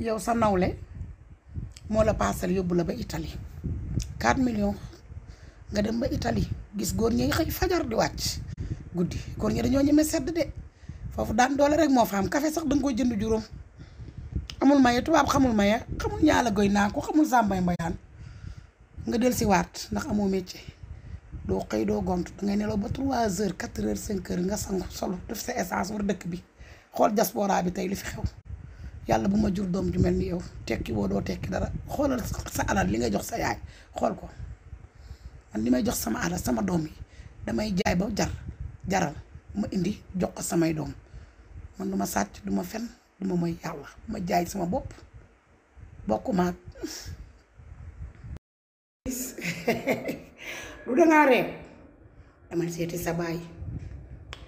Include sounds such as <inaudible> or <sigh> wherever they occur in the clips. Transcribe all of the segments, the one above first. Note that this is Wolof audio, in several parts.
yow sa nawle moo la paasal yóbbu la ba Italie 4 millions nga dem ba Italie gis góor ñi xëy fajar di wàcc guddi góor ñi dañoo ñeme sedd de foofu daan doole rek moo fa am kafe sax danga koy jënd juróom amul maye tubaab xamul maye xamul ñaala goy naa ko xamul sàmbay mbayaan nga del si waat ndax amoo métier doo xëy doo gont dangay neloo ba 3 heures 4 heures 5 heures nga sangu solo def sa essence war dëkk bi xool diaspora bi tey li fi xew yàlla bu ma jur doom ju mel ni yow tekki woo doo tekki dara xoolal sa alal li nga jox sa yaay xool ko man li may jox sama alal sama doom yi damay jaay ba jar jaral ma indi jox ko samay doom man du ma sàcc du ma fen du ma mooy yàlla ma jaay sama bopp bokkuma ak <laughs> lu dangaa reeb damay seeti sa baay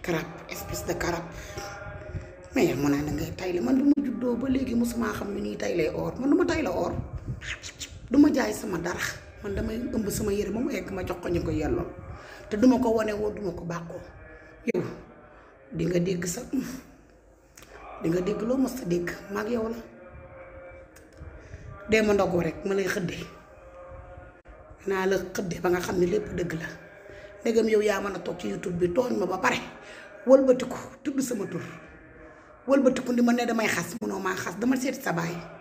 karab espèce de karab mais mu naa da tayle man bi ma juddoo ba léegi mosuma xam ni ñuy taylee or man du ma tayle or du ma jaay sama dara man damay ëmb sama yére ba mu egg ma jox ko ñu ko yelloo te duma ko wone woo duma ko bàkkoo yow di nga dégg sa nga dégg loo mos a dégg maag yow la dee ma ndogoo rek ma lay xëddee naa la xëddee ba nga xam ne lépp dëgg la ndegam yow yaa man a toog ci youtube bi tooñ ma ba pare wëlbatiku tudd sama tur wëlbatiku ni man ne damay xas munoo maa xas dama seet sa baay